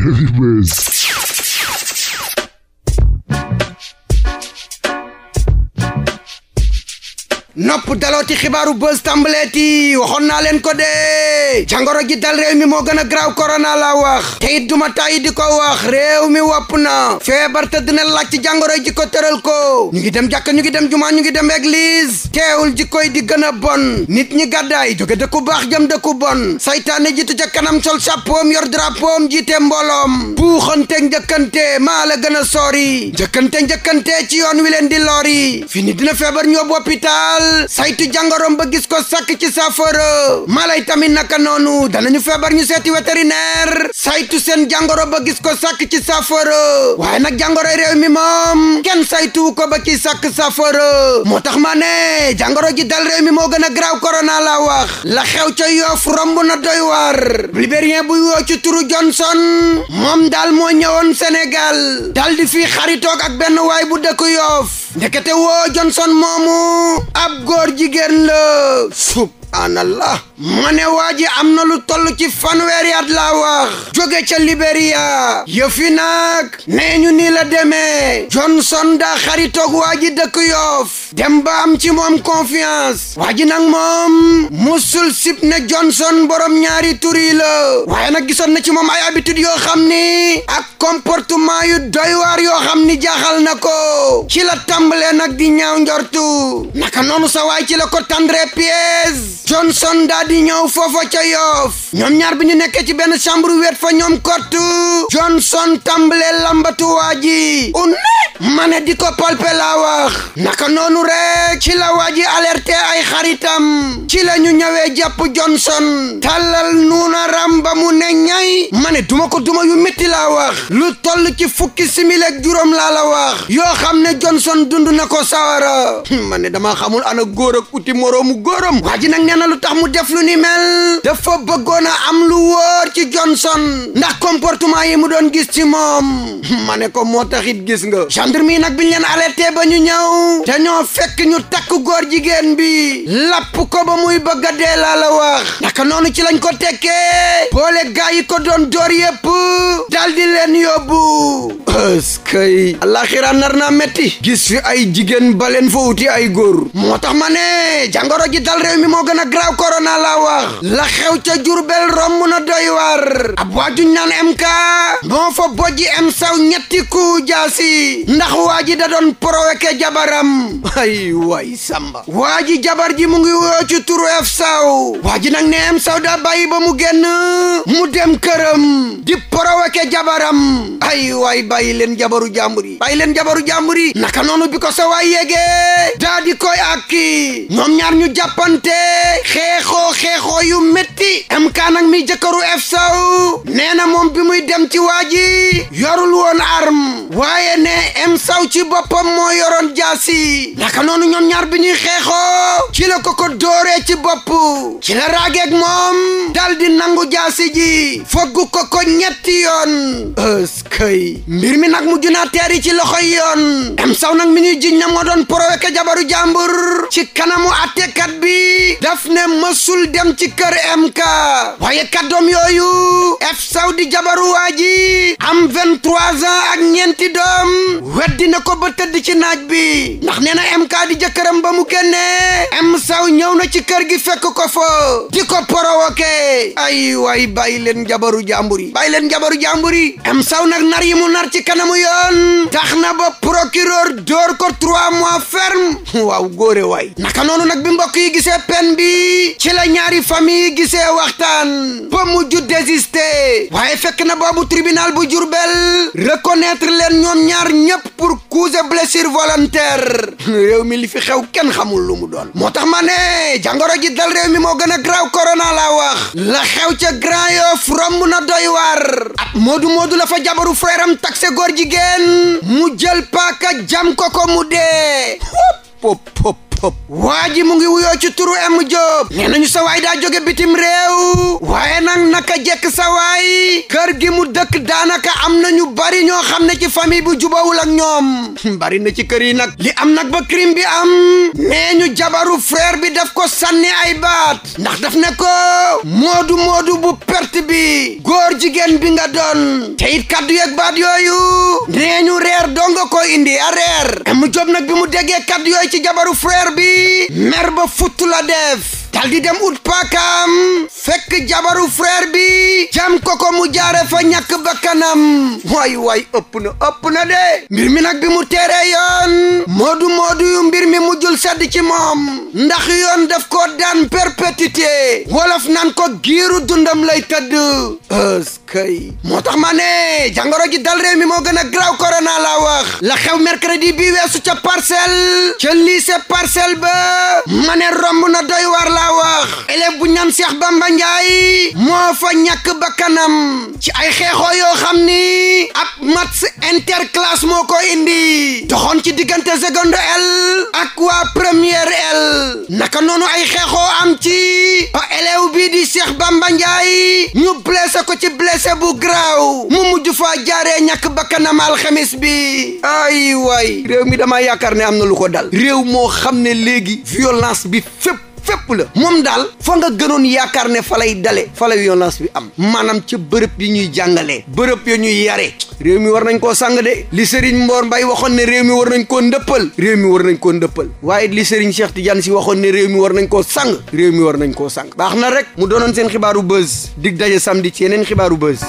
heavyweights nopp dalooti xibaaru bës tàmbaleeti waxoon naa leen ko dee jàngoro ji dal réew mi moo gën a graaw korona la wax te it duma tàyyi di ko wax réew mi wopp na feebar te dina laaj ci jàngoro ji ko tëral ko ñu ngi dem jàkk ñu ngi dem jumaa ñu ngi dem église teewul ji koy di gën a bon nit ñi gàddaay jóge dëkku baax jëm dëkku bon saytaane jiitu ca kanam sol sàppoom yor drapoom jiite mbooloom buuxante njëkkante maa la gën a sori njëkkante njëkkante ci yoon leen di lori fini feebar ñoo bu hôpital saytu jàngoroom ba gis ko sàkk ci saafara mala yi tamit naka noonu dana ñu feebar ñu seeti vétérinaire saytu seen jàngoro ba gis ko sakk ci saafara waaye nag jàngoroy réew mi moom kenn saytu ko ba ci sàkk saafara moo tax ma ne jàngoro ji dal réew mi moo gën a graaw corona la wax la xew ca yoof romb na doy war libérien buy woo ci turu Johnson moom daal moo ñëwoon Sénégal dal di fi xaritoog ak benn waay bu dëkk yoof ndekete woo Johnson moomu góor jigéen la suub subhaanallah ma ne ji am na lu toll ci fanweeri at wax jóge ca Liberia yëfi nag nee ñu nii la demee Johnson daa xaritoog dëkk Yoff dem am ci moom confiance waa ji nag moom musul sib ne borom ñaari tur yi waaye nag gisoon na ci moom ay habitude yoo xam ni ak comportement yu doy waar ni jaaxal na ko ci la tàmbalee nag di ñaaw njortu naka noonu sa waay ci la ko tendre pièce Johnson daa di ñëw foofa ca Yoff ñoom ñaar bi ñu nekkee ci benn chambre wet fa ñoom kott Johnson tàmbalee lambatuwaa ji une ma ne di ko palpe wax naka noonu rek ci la waa ji ay ci la ñu ñëwee jàpp Johnson tàllal nuuna ram ba mu ne ñay ma duma ko duma yu métti la wax lu toll ci fukki simili ak juróom laa la wax yoo xam ne Johnson dund na ko sawara ma ne damaa xamul ana góor ak uti moroomu góoram waa ji nag nee lu tax mu def lu ni mel dafa bëggoon a am lu wóor ci Johnson ndax comportement yi mu doon gis ci moom ma ne ko moo taxit gis nga gendarme yi nag biñ leen arrêté ba ñu ñaw te fekk ñu takk góor jigéen bi lapp ko ba muy bëgg a la wax naka noonu ci lañ ko tekkee boole gaa yi ko doon door yépp daal di leen yóbbu ëskay alaxira nar naa metti gis ay jigéen ba leen fa wuti ay góor moo tax ma ne jàngoro ji dal réew mi moo gën a graaw korona laa wax la xew ca Jurbel romb na doy war ab waajuñ naan MK moo fa bojji m saw ñetti ku jaasi ndax waa ji da doon provoqué jabaram ay waay samba waa ji mu ngi woo turu f ji nag ne m saw daa ba mu génn mu dem këram di poroweke jabaram ay waay bàyyi leen jabaru jàmbur yi bàyyi leen jabaru jàmbur yi naka noonu bi ko sa waay yegee di koy akki ñoom ñaar ñu jàppante xeexoo xeexoo yu métti m kaa nag mi jëkkëru f saw nee na moom bi muy dem ci waa ji yorul woon arme waaye ne m saw ci boppam moo yoroon jaasi naka noonu ñoom ñaar bi ñuy xeexoo ci la ko ko dooree ci bopp ci la raageeg moom dal di nangu jaasi ji fogg ko ko ñetti yoon ëskëy mbir mi nag mujj naa teer yi ci loxo yoon em saw nag mi ñuy jiñ na moo doon jabaru jàmbur ci kanamu attekat bi daf ne mësul dem ci kër MK waaye kàddoom yooyu ef saw di jabaru waa am ak ñeenti doom dina ko ba tëdd ci naaj bi ndax nee na MK di jëkkëram ba mu génnee M saw ñëw na ci kër gi fekk ko fa di ko provoqué ay waay bàyyi len jabaru jàmbur yi bàyyi leen jabaru jàmbur yi M saw nag nar yi mu nar ci kanamu yoon tax na ba procureur door ko trois mois ferme waaw góore waay naka noonu nag bi mbokk yi gisee peine bi ci la ñaari famille gisee waxtaan résister waaye fekk na boobu tribunal bu jur Jurbel reconnaître leen ñoom ñaar ñëpp pour coups et blessures réew mi li fi xew kenn xamul lu mu doon moo tax ma ne jàngoro ji dal réew mi moo gën a graw corona laa wax la xew ca Grand Yoff romb na doy waar ab moodu moodu la fa jabaru frère am taxe jigéen mu jël paaka jam ko ko mu dee pop pop Diop waa mu ngi wuyoo ci turu M Diop nee nañu sa waay daa jóge bitim réew waaye nag naka jekk sa waay kër gi mu dëkk daanaka am nañu bari ñoo xam na ci famille bu jubawul ak ñoom bari na ci kër yi nag li am nag ba bi am nee ñu jabaru frère bi daf ko sànni ay baat ndax daf ne ko moodu moodu bu perte bi góor jigéen bi nga doon te it kaddu yeeg baat yooyu nee ñu reer dong ko indi a reer M Diop nag bi mu déggee kaddu yooyu ci jabaru frère mer bi mer ba futt la def dal di dem ut paakaam fekk jabaru frère bi jam ko ko mu jaare fa bakkanam waay waay ëpp na ëpp na de mbir mi nag mu teeree yoon moodu moodu yu mbir mi mujjul sedd moom ndax yoon daf ko daan perpétuité wolof naan ko giiru dundam lay tëdd ëskay moo tax ma ne jàngoro dal réew mi moo gën graw korona la wax la xew mercredi bi weesu ca parcelle ca lycée ba ma romb na doy war la laa wax élève bu ñam Cheikh Bamba Ndiaye moo fa ñàkk bakkanam ci ay xeexoo yoo xam ni ab match interclasse moo ko indi doxoon ci diggante seconde L ak waa première L naka noonu ay xeexoo am ci ba élève bii di Cheikh ba Ndiaye ñu blessé ko ci blessé bu graaw mu mujj faa jaaree ñàkk bakkanam alxamis bi ay waay réew mi dama yaakaar ne am na lu ko dal réew moo xam ne léegi violence bi fépp fépp la moom daal fa nga gënoon yaakaar ne fa lay dale fala la violence bi am maanaam ci bërëb yi ñuy jàngale bërëb ya ñuy yare réew mi war nañ koo sàng de li Serigne Mboor Mbay waxoon ne réew mi war nañ koo ndëppal réew mi war nañ koo ndëppal waaye li Serigne Cheikh Tidiane si waxoon ne réew mi war nañ koo sàng réew mi war nañ koo sàng baax na rek mu doonoon seen xibaaru buzz dig daje samedi ci yeneen xibaaru buzz